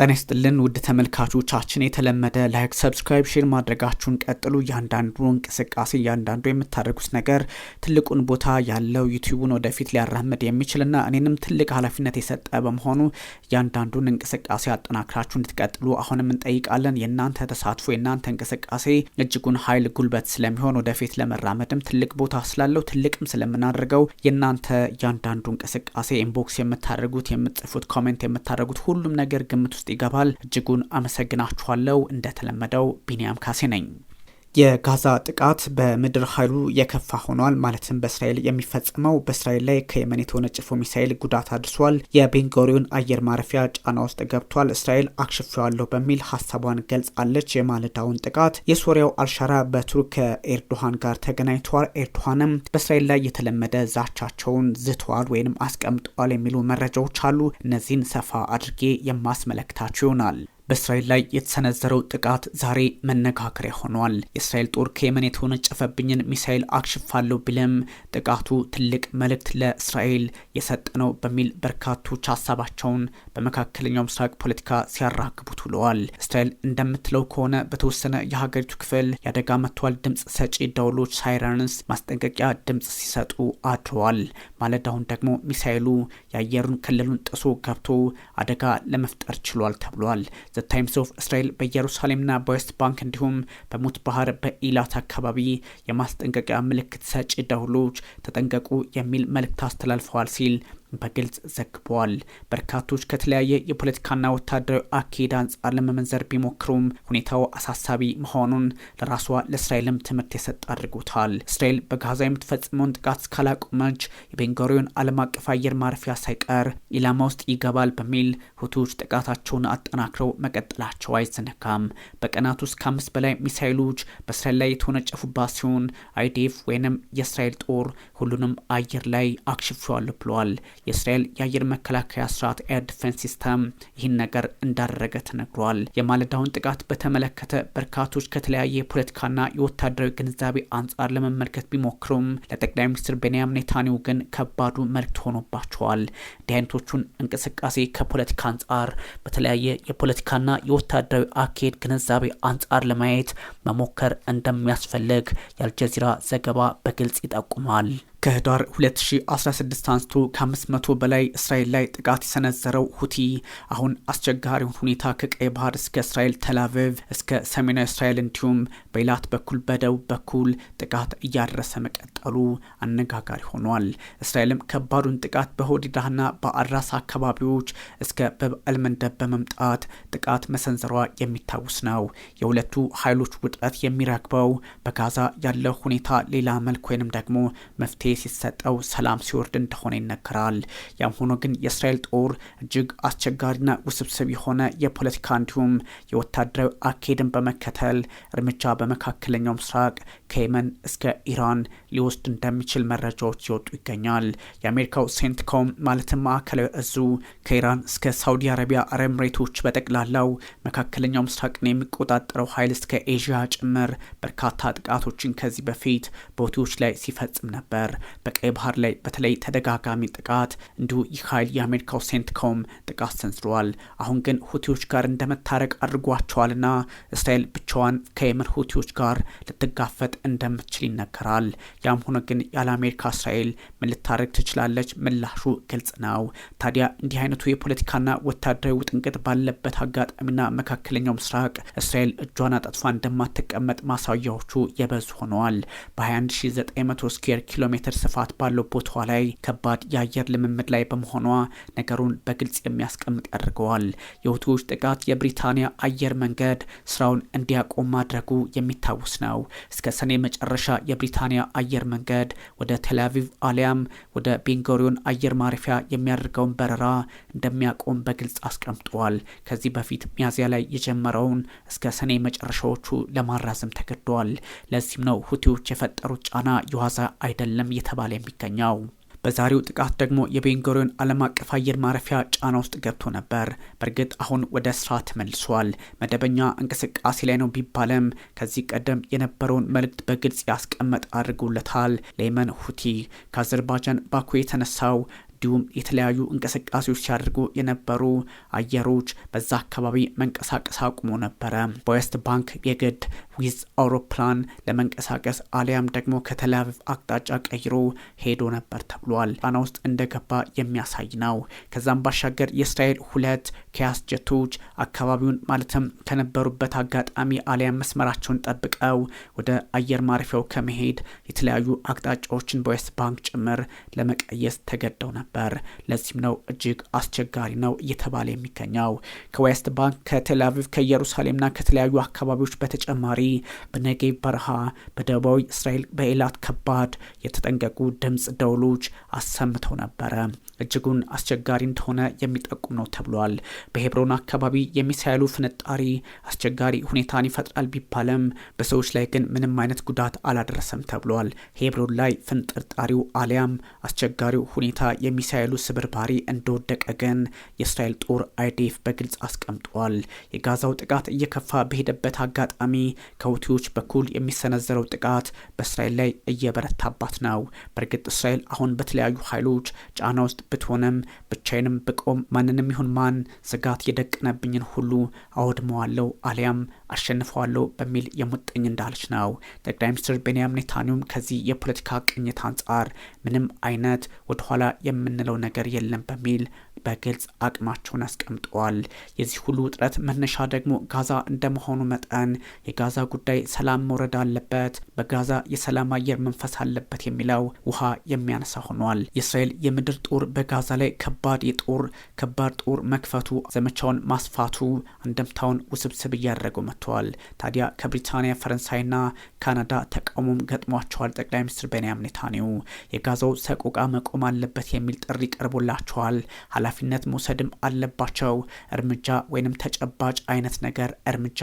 ጤና ይስጥልን ውድ ተመልካቾቻችን፣ የተለመደ ላይክ፣ ሰብስክራይብ፣ ሼር ማድረጋችሁን ቀጥሉ። እያንዳንዱ እንቅስቃሴ እያንዳንዱ የምታደርጉት ነገር ትልቁን ቦታ ያለው ዩቲዩቡን ወደፊት ሊያራምድ የሚችልና እኔንም ትልቅ ኃላፊነት የሰጠ በመሆኑ እያንዳንዱን እንቅስቃሴ አጠናክራችሁ እንድትቀጥሉ አሁንም እንጠይቃለን። የእናንተ ተሳትፎ የእናንተ እንቅስቃሴ እጅጉን ኃይል ጉልበት ስለሚሆን ወደፊት ለመራመድም ትልቅ ቦታ ስላለው ትልቅም ስለምናደርገው የእናንተ እያንዳንዱ እንቅስቃሴ ኢንቦክስ የምታደርጉት የምትጽፉት ኮሜንት የምታደርጉት ሁሉም ነገር ግምት ውስጥ ይገባል። እጅጉን አመሰግናችኋለሁ። እንደተለመደው ቢንያም ካሴ ነኝ። የጋዛ ጥቃት በምድር ኃይሉ የከፋ ሆኗል። ማለትም በእስራኤል የሚፈጸመው በእስራኤል ላይ ከየመን የተወነጨፈው ሚሳኤል ጉዳት አድርሷል። የቤንጎሪዮን አየር ማረፊያ ጫና ውስጥ ገብቷል። እስራኤል አክሽፌዋለሁ በሚል ሀሳቧን ገልጻለች። የማለዳውን ጥቃት የሶሪያው አልሻራ በቱርክ ከኤርዶሃን ጋር ተገናኝተዋል። ኤርዶሃንም በእስራኤል ላይ የተለመደ ዛቻቸውን ዝተዋል ወይንም አስቀምጠዋል የሚሉ መረጃዎች አሉ። እነዚህን ሰፋ አድርጌ የማስመለክታችሁ ይሆናል። በእስራኤል ላይ የተሰነዘረው ጥቃት ዛሬ መነጋገሪያ ሆኗል። የእስራኤል ጦር ከየመን የተወነጨፈብኝን ሚሳኤል አክሽፋለሁ ቢልም ጥቃቱ ትልቅ መልእክት ለእስራኤል የሰጠ ነው በሚል በርካቶች ሀሳባቸውን በመካከለኛው ምስራቅ ፖለቲካ ሲያራግቡት ውለዋል። እስራኤል እንደምትለው ከሆነ በተወሰነ የሀገሪቱ ክፍል የአደጋ መጥቷል ድምፅ ሰጪ ደውሎች ሳይረንስ ማስጠንቀቂያ ድምፅ ሲሰጡ አድረዋል። ማለዳውን ደግሞ ሚሳኤሉ የአየሩን ክልሉን ጥሶ ገብቶ አደጋ ለመፍጠር ችሏል ተብሏል። ዘ ታይምስ ኦፍ እስራኤል በኢየሩሳሌምና በዌስት ባንክ እንዲሁም በሙት ባህር በኢላት አካባቢ የማስጠንቀቂያ ምልክት ሰጪ ደውሎች ተጠንቀቁ የሚል መልእክት አስተላልፈዋል ሲል በግልጽ ዘግበዋል። በርካቶች ከተለያየ የፖለቲካና ወታደራዊ አካሄድ አንጻር ለመመንዘር ቢሞክሩም ሁኔታው አሳሳቢ መሆኑን ለራሷ ለእስራኤልም ትምህርት የሰጠ አድርጎታል። እስራኤል በጋዛ የምትፈጽመውን ጥቃት እስካላቆመች የቤንጎሪዮን ዓለም አቀፍ አየር ማረፊያ ሳይቀር ኢላማ ውስጥ ይገባል በሚል ሁቱዎች ጥቃታቸውን አጠናክረው መቀጠላቸው አይዘነጋም። በቀናት ውስጥ ከአምስት በላይ ሚሳይሎች በእስራኤል ላይ የተወነጨፉባት ሲሆን አይዲኤፍ ወይንም የእስራኤል ጦር ሁሉንም አየር ላይ አክሽፏል ብሏል። የእስራኤል የአየር መከላከያ ስርዓት ኤር ዲፌንስ ሲስተም ይህን ነገር እንዳደረገ ተነግሯል። የማለዳውን ጥቃት በተመለከተ በርካቶች ከተለያየ የፖለቲካና የወታደራዊ ግንዛቤ አንጻር ለመመልከት ቢሞክሩም ለጠቅላይ ሚኒስትር ቤንያም ኔታኒው ግን ከባዱ መልክት ሆኖባቸዋል። እንዲህ አይነቶቹን እንቅስቃሴ ከፖለቲካ አንጻር በተለያየ የፖለቲካና የወታደራዊ አካሄድ ግንዛቤ አንጻር ለማየት መሞከር እንደሚያስፈልግ የአልጀዚራ ዘገባ በግልጽ ይጠቁማል። ከህዳር 2016 አንስቶ ከ500 በላይ እስራኤል ላይ ጥቃት የሰነዘረው ሁቲ አሁን አስቸጋሪውን ሁኔታ ከቀይ ባህር እስከ እስራኤል ተላቪቭ እስከ ሰሜናዊ እስራኤል እንዲሁም በኢላት በኩል በደቡብ በኩል ጥቃት እያደረሰ መቀጠሉ አነጋጋሪ ሆኗል። እስራኤልም ከባዱን ጥቃት በሆዲዳህና በአራስ አካባቢዎች እስከ በበዓል መንደብ በመምጣት ጥቃት መሰንዘሯ የሚታወስ ነው። የሁለቱ ኃይሎች ውጥረት የሚረግበው በጋዛ ያለው ሁኔታ ሌላ መልክ ወይንም ደግሞ መፍትሄ ሲሰጠው ሰላም ሲወርድ እንደሆነ ይነገራል። ያም ሆኖ ግን የእስራኤል ጦር እጅግ አስቸጋሪና ውስብስብ የሆነ የፖለቲካ እንዲሁም የወታደራዊ አካሄድን በመከተል እርምጃ በመካከለኛው ምስራቅ ከየመን እስከ ኢራን ሊወስድ እንደሚችል መረጃዎች ይወጡ ይገኛል። የአሜሪካው ሴንትኮም ማለትም ማዕከላዊ እዙ ከኢራን እስከ ሳውዲ አረቢያ አረምሬቶች በጠቅላላው መካከለኛው ምስራቅን የሚቆጣጠረው ኃይል እስከ ኤዥያ ጭምር በርካታ ጥቃቶችን ከዚህ በፊት በሁቲዎች ላይ ሲፈጽም ነበር። በቀይ ባህር ላይ በተለይ ተደጋጋሚ ጥቃት እንዲሁ ይህ ኃይል የአሜሪካው ሴንትኮም ጥቃት ሰንዝረዋል። አሁን ግን ሁቲዎች ጋር እንደመታረቅ አድርጓቸዋልና እስራኤል ብቻዋን ከየመን ሁቲዎች ጋር ልትጋፈጥ እንደምትችል ይነገራል። ያም ሆነ ግን ያለ አሜሪካ እስራኤል ምን ልታደርግ ትችላለች? ምላሹ ግልጽ ነው። ታዲያ እንዲህ አይነቱ የፖለቲካና ወታደራዊ ውጥንቅጥ ባለበት አጋጣሚና መካከለኛው ምስራቅ እስራኤል እጇን አጠጥፋ እንደማትቀመጥ ማሳያዎቹ የበዙ ሆነዋል። በ21900 ስኩዌር ኪሎ ሜትር ሜትር ስፋት ባለው ቦታዋ ላይ ከባድ የአየር ልምምድ ላይ በመሆኗ ነገሩን በግልጽ የሚያስቀምጥ ያደርገዋል። የሁቲዎች ጥቃት የብሪታንያ አየር መንገድ ስራውን እንዲያቆም ማድረጉ የሚታወስ ነው። እስከ ሰኔ መጨረሻ የብሪታንያ አየር መንገድ ወደ ቴልአቪቭ አሊያም ወደ ቤንጎሪዮን አየር ማረፊያ የሚያደርገውን በረራ እንደሚያቆም በግልጽ አስቀምጠዋል። ከዚህ በፊት ሚያዝያ ላይ የጀመረውን እስከ ሰኔ መጨረሻዎቹ ለማራዘም ተገዷል። ለዚህም ነው ሁቲዎች የፈጠሩት ጫና የዋዛ አይደለም እየተባለ የሚገኘው። በዛሬው ጥቃት ደግሞ የቤንጎሪዮን ዓለም አቀፍ አየር ማረፊያ ጫና ውስጥ ገብቶ ነበር። በእርግጥ አሁን ወደ ስራ ተመልሷል፣ መደበኛ እንቅስቃሴ ላይ ነው ቢባለም ከዚህ ቀደም የነበረውን መልእክት በግልጽ ያስቀመጥ አድርጎለታል። ሌመን ሁቲ ከአዘርባጃን ባኩ የተነሳው እንዲሁም የተለያዩ እንቅስቃሴዎች ሲያደርጉ የነበሩ አየሮች በዛ አካባቢ መንቀሳቀስ አቁሞ ነበረ። በዌስት ባንክ የግድ ዊዝ አውሮፕላን ለመንቀሳቀስ አሊያም ደግሞ ከተላቪቭ አቅጣጫ ቀይሮ ሄዶ ነበር ተብሏል። ጣና ውስጥ እንደገባ የሚያሳይ ነው። ከዛም ባሻገር የእስራኤል ሁለት ኪያስ ጀቶች አካባቢውን ማለትም ከነበሩበት አጋጣሚ አሊያም መስመራቸውን ጠብቀው ወደ አየር ማረፊያው ከመሄድ የተለያዩ አቅጣጫዎችን በዌስት ባንክ ጭምር ለመቀየስ ተገደው ነበር። ለዚህም ነው እጅግ አስቸጋሪ ነው እየተባለ የሚገኘው ከዌስት ባንክ ከኢየሩሳሌም ከኢየሩሳሌምና ከተለያዩ አካባቢዎች በተጨማሪ በነጌብ በረሃ፣ በደቡባዊ እስራኤል በኤላት ከባድ የተጠንቀቁ ድምፅ ደውሎች አሰምተው ነበረ። እጅጉን አስቸጋሪ እንደሆነ የሚጠቁም ነው ተብሏል። በሄብሮን አካባቢ የሚሳይሉ ፍንጣሪ አስቸጋሪ ሁኔታን ይፈጥራል ቢባለም በሰዎች ላይ ግን ምንም አይነት ጉዳት አላደረሰም ተብሏል። ሄብሮን ላይ ፍንጥርጣሪው አሊያም አስቸጋሪው ሁኔታ የሚሳይሉ ስብርባሪ እንደወደቀ ግን የእስራኤል ጦር አይዴፍ በግልጽ አስቀምጧል። የጋዛው ጥቃት እየከፋ በሄደበት አጋጣሚ ከሁቲዎች በኩል የሚሰነዘረው ጥቃት በእስራኤል ላይ እየበረታባት ነው። በእርግጥ እስራኤል አሁን በተለያዩ ኃይሎች ጫና ውስጥ ብትሆንም ብቻዬንም ብቆም ማንንም ይሁን ማን ስጋት የደቀነብኝን ሁሉ አወድመዋለሁ አሊያም አሸንፈዋለሁ በሚል የሙጥኝ እንዳለች ነው። ጠቅላይ ሚኒስትር ቤንያም ኔታኒውም ከዚህ የፖለቲካ ቅኝት አንጻር ምንም አይነት ወደኋላ የምንለው ነገር የለም በሚል በግልጽ አቅማቸውን አስቀምጠዋል። የዚህ ሁሉ ውጥረት መነሻ ደግሞ ጋዛ እንደመሆኑ መጠን የጋዛ ጉዳይ ሰላም መውረድ አለበት፣ በጋዛ የሰላም አየር መንፈስ አለበት የሚለው ውሃ የሚያነሳ ሆኗል። የእስራኤል የምድር ጦር በጋዛ ላይ ከባድ የጦር ከባድ ጦር መክፈቱ ዘመቻውን ማስፋቱ እንደምታውን ውስብስብ እያደረገው መጥተዋል። ታዲያ ከብሪታንያ ፈረንሳይና ካናዳ ተቃውሞም ገጥሟቸዋል። ጠቅላይ ሚኒስትር ቤንያም ኔታኒው። የጋዛው ሰቆቃ መቆም አለበት የሚል ጥሪ ቀርቦላቸዋል። ኃላፊነት መውሰድም አለባቸው። እርምጃ ወይንም ተጨባጭ አይነት ነገር እርምጃ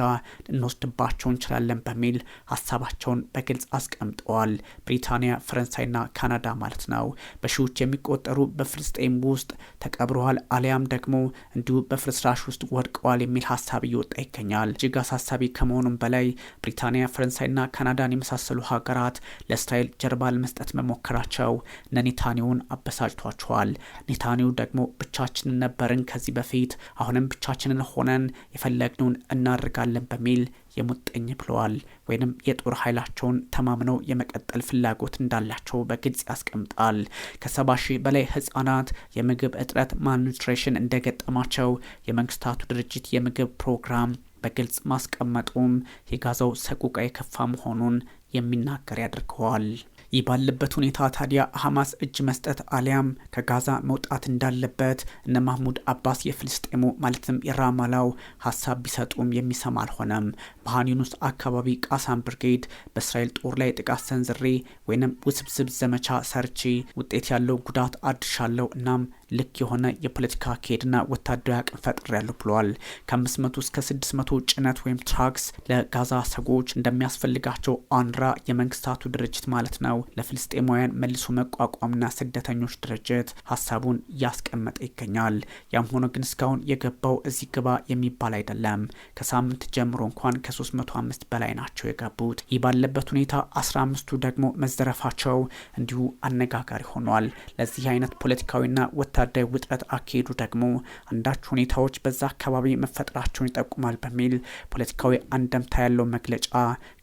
ልንወስድባቸው እንችላለን በሚል ሀሳባቸውን በግልጽ አስቀምጠዋል። ብሪታንያ፣ ፈረንሳይና ካናዳ ማለት ነው። በሺዎች የሚቆጠሩ በፍልስጤም ውስጥ ተቀብረዋል አሊያም ደግሞ እንዲሁ በፍርስራሽ ውስጥ ወድቀዋል የሚል ሀሳብ እየወጣ ይገኛል። እጅግ አሳሳቢ ከመሆኑም በላይ ብሪታንያ፣ ፈረንሳይና ካናዳን የመሳሰሉ ሀገራት ለእስራኤል ጀርባ ለመስጠት መሞከራቸው ነኔታኒውን አበሳጭቷቸዋል። ኔታኒው ደግሞ ብቻ ብቻችንን ነበርን ከዚህ በፊት አሁንም ብቻችንን ሆነን የፈለግነውን እናደርጋለን በሚል የሙጥኝ ብለዋል። ወይንም የጦር ኃይላቸውን ተማምነው የመቀጠል ፍላጎት እንዳላቸው በግልጽ ያስቀምጣል። ከሰባ ሺህ በላይ ህጻናት የምግብ እጥረት ማኑትሬሽን እንደገጠማቸው የመንግስታቱ ድርጅት የምግብ ፕሮግራም በግልጽ ማስቀመጡም የጋዛው ሰቆቃ የከፋ መሆኑን የሚናገር ያደርገዋል። ይህ ባለበት ሁኔታ ታዲያ ሐማስ እጅ መስጠት አሊያም ከጋዛ መውጣት እንዳለበት እነ ማህሙድ አባስ የፍልስጤሙ ማለትም የራማላው ሀሳብ ቢሰጡም የሚሰማ አልሆነም። በሃኒኑስ አካባቢ ቃሳም ብርጌድ በእስራኤል ጦር ላይ ጥቃት ሰንዝሬ ወይንም ውስብስብ ዘመቻ ሰርቼ ውጤት ያለው ጉዳት አድርሻለሁ። እናም ልክ የሆነ የፖለቲካ አካሄድና ወታደራዊ አቅም ፈጥሬያለሁ ብለዋል። ከ500 እስከ 600 ጭነት ወይም ትራክስ ለጋዛ ሰዎች እንደሚያስፈልጋቸው አንራ የመንግስታቱ ድርጅት ማለት ነው ለፍልስጤማውያን መልሶ መቋቋምና ስደተኞች ድርጅት ሀሳቡን እያስቀመጠ ይገኛል። ያም ሆኖ ግን እስካሁን የገባው እዚህ ግባ የሚባል አይደለም። ከሳምንት ጀምሮ እንኳን ከ305 በላይ ናቸው የገቡት። ይህ ባለበት ሁኔታ 15ቱ ደግሞ መዘረፋቸው እንዲሁ አነጋጋሪ ሆኗል። ለዚህ አይነት ፖለቲካዊና ወታደራዊ ውጥረት አካሄዱ ደግሞ አንዳች ሁኔታዎች በዛ አካባቢ መፈጠራቸውን ይጠቁማል በሚል ፖለቲካዊ አንደምታ ያለው መግለጫ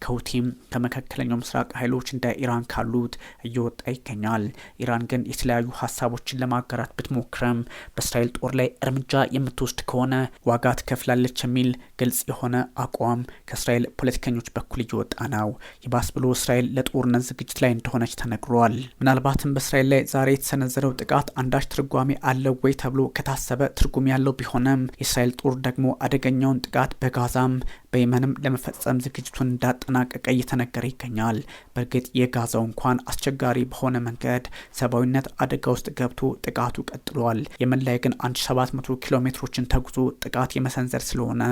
ከሁቲም ከመካከለኛው ምስራቅ ኃይሎች እንደ ኢራን ካሉት እየወጣ ይገኛል። ኢራን ግን የተለያዩ ሀሳቦችን ለማጋራት ብትሞክርም በእስራኤል ጦር ላይ እርምጃ የምትወስድ ከሆነ ዋጋ ትከፍላለች የሚል ግልጽ የሆነ አቋም ከእስራኤል ፖለቲከኞች በኩል እየወጣ ነው። ይባስ ብሎ እስራኤል ለጦርነት ዝግጅት ላይ እንደሆነች ተነግሯል። ምናልባትም በእስራኤል ላይ ዛሬ የተሰነዘረው ጥቃት አንዳች ትርጓሜ አለው ወይ ተብሎ ከታሰበ ትርጉም ያለው ቢሆንም የእስራኤል ጦር ደግሞ አደገኛውን ጥቃት በጋዛም በየመንም ለመፈጸም ዝግጅቱን እንዳጠናቀቀ እየተነገረ ይገኛል። በእርግጥ የጋዛው እንኳን አስቸጋሪ በሆነ መንገድ ሰብአዊነት አደጋ ውስጥ ገብቶ ጥቃቱ ቀጥሏል። የመን ላይ ግን 1700 ኪሎ ሜትሮችን ተጉዞ ጥቃት የመሰንዘር ስለሆነ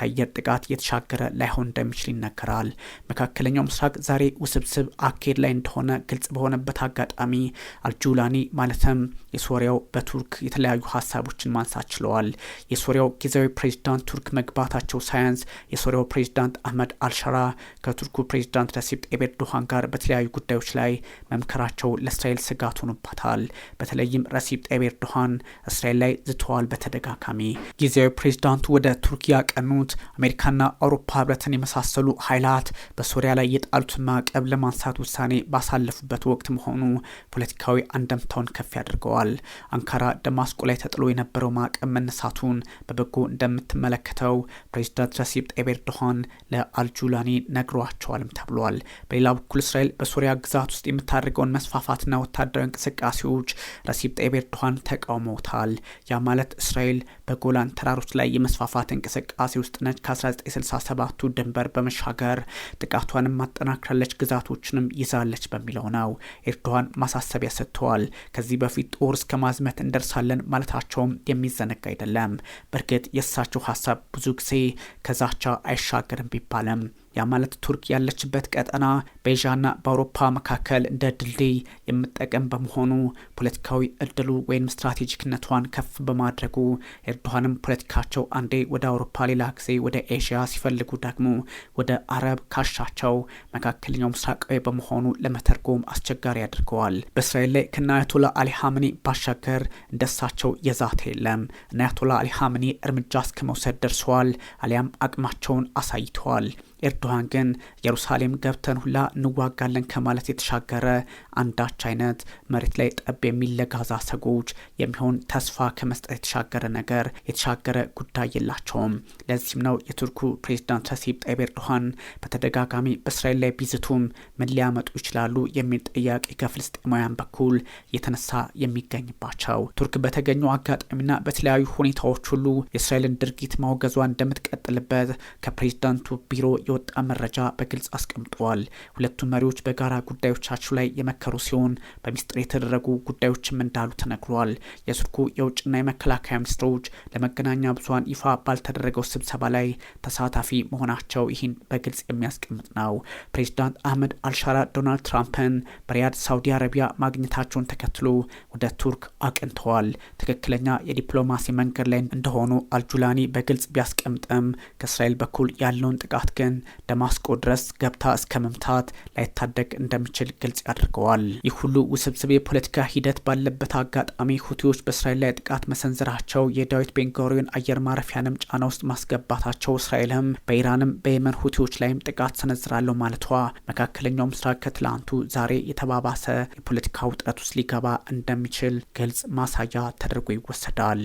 ከአየር ጥቃት የተሻገረ ላይሆን እንደሚችል ይነገራል። መካከለኛው ምስራቅ ዛሬ ውስብስብ አካሄድ ላይ እንደሆነ ግልጽ በሆነበት አጋጣሚ አልጁላኒ ማለትም የሶሪያው በቱርክ የተለያዩ ሀሳቦችን ማንሳት ችለዋል። የሶሪያው ጊዜያዊ ፕሬዚዳንት ቱርክ መግባታቸው ሳያንስ የሶሪያው ፕሬዚዳንት አህመድ አልሸራ ከቱርኩ ፕሬዚዳንት ረሲብ ጤብ ኤርዶሃን ጋር በተለያዩ ጉዳዮች ላይ መምከራቸው ለእስራኤል ስጋት ሆኖባታል። በተለይም ረሲብ ጤብ ኤርዶሃን እስራኤል ላይ ዝተዋል። በተደጋጋሚ ጊዜያዊ ፕሬዚዳንቱ ወደ ቱርክ ያቀኑት አሜሪካና አውሮፓ ህብረት ህብረትን የመሳሰሉ ኃይላት በሶሪያ ላይ የጣሉትን ማዕቀብ ለማንሳት ውሳኔ ባሳለፉበት ወቅት መሆኑ ፖለቲካዊ አንደምታውን ከፍ ያድርገዋል። አንካራ ደማስቆ ላይ ተጥሎ የነበረው ማዕቀብ መነሳቱን በበጎ እንደምትመለከተው ፕሬዚዳንት ረሲብ ጣይብ ኤርዶሃን ለአልጁላኒ ነግሯቸዋልም ተብሏል። በሌላ በኩል እስራኤል በሶሪያ ግዛት ውስጥ የምታደርገውን መስፋፋትና ወታደራዊ እንቅስቃሴዎች ረሲብ ጣይብ ኤርዶሃን ተቃውመውታል። ያ ማለት እስራኤል በጎላን ተራሮች ላይ የመስፋፋት እንቅስቃሴ ውስጥ ነች ከ1967 ግዛቱ ድንበር በመሻገር ጥቃቷንም ማጠናክራለች፣ ግዛቶችንም ይዛለች በሚለው ነው ኤርዶዋን ማሳሰቢያ ሰጥተዋል። ከዚህ በፊት ጦር እስከ ማዝመት እንደርሳለን ማለታቸውም የሚዘነጋ አይደለም። በእርግጥ የእሳቸው ሀሳብ ብዙ ጊዜ ከዛቻ አይሻገርም ቢባልም ያ ማለት ቱርክ ያለችበት ቀጠና በኤዥያና በአውሮፓ መካከል እንደ ድልድይ የምጠቀም በመሆኑ ፖለቲካዊ እድሉ ወይም ስትራቴጂክነቷን ከፍ በማድረጉ ኤርዶሃንም ፖለቲካቸው አንዴ ወደ አውሮፓ፣ ሌላ ጊዜ ወደ ኤዥያ ሲፈልጉ ደግሞ ወደ አረብ ካሻቸው መካከለኛው ምስራቃዊ በመሆኑ ለመተርጎም አስቸጋሪ አድርገዋል። በእስራኤል ላይ ከነ አያቶላ አሊ ሀምኒ ባሻገር እንደሳቸው የዛተ የለም። እነ አያቶላ አሊ ሀምኒ እርምጃ እስከ መውሰድ ደርሰዋል፣ አሊያም አቅማቸውን አሳይተዋል። ኤርዶሃን ግን ኢየሩሳሌም ገብተን ሁላ እንዋጋለን ከማለት የተሻገረ አንዳች አይነት መሬት ላይ ጠብ የሚለጋዛ ሰጎች የሚሆን ተስፋ ከመስጠት የተሻገረ ነገር የተሻገረ ጉዳይ የላቸውም። ለዚህም ነው የቱርኩ ፕሬዚዳንት ረሲፕ ጣይብ ኤርዶሃን በተደጋጋሚ በእስራኤል ላይ ቢዝቱም ምን ሊያመጡ ይችላሉ የሚል ጥያቄ ከፍልስጤማውያን በኩል የተነሳ የሚገኝባቸው። ቱርክ በተገኘው አጋጣሚና በተለያዩ ሁኔታዎች ሁሉ የእስራኤልን ድርጊት ማውገዟ እንደምትቀጥልበት ከፕሬዚዳንቱ ቢሮ የወጣ መረጃ በግልጽ አስቀምጧል። ሁለቱ መሪዎች በጋራ ጉዳዮቻቸው ላይ የመከ የተመካከሩ ሲሆን በሚስጥር የተደረጉ ጉዳዮችም እንዳሉ ተነግሯል። የስልኩ የውጭና የመከላከያ ሚኒስትሮች ለመገናኛ ብዙሀን ይፋ ባልተደረገው ስብሰባ ላይ ተሳታፊ መሆናቸው ይህን በግልጽ የሚያስቀምጥ ነው። ፕሬዚዳንት አህመድ አልሻራ ዶናልድ ትራምፕን በሪያድ ሳውዲ አረቢያ ማግኘታቸውን ተከትሎ ወደ ቱርክ አቅንተዋል። ትክክለኛ የዲፕሎማሲ መንገድ ላይ እንደሆኑ አልጁላኒ በግልጽ ቢያስቀምጥም ከእስራኤል በኩል ያለውን ጥቃት ግን ደማስቆ ድረስ ገብታ እስከ መምታት ላይታደግ እንደሚችል ግልጽ ያደርገዋል። ተናግረዋል። ይህ ሁሉ ውስብስብ የፖለቲካ ሂደት ባለበት አጋጣሚ ሁቲዎች በእስራኤል ላይ ጥቃት መሰንዘራቸው የዳዊት ቤንጎሪዮን አየር ማረፊያንም ጫና ውስጥ ማስገባታቸው እስራኤልም በኢራንም በየመን ሁቲዎች ላይም ጥቃት ሰነዝራለሁ ማለቷ መካከለኛው ምስራቅ ከትላንቱ ዛሬ የተባባሰ የፖለቲካ ውጥረት ውስጥ ሊገባ እንደሚችል ግልጽ ማሳያ ተደርጎ ይወሰዳል።